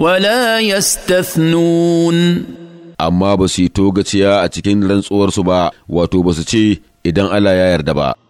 wala yastathnun amma ba su yi togaciya a cikin rantsuwarsu ba wato ba su ce idan Allah ya yarda ba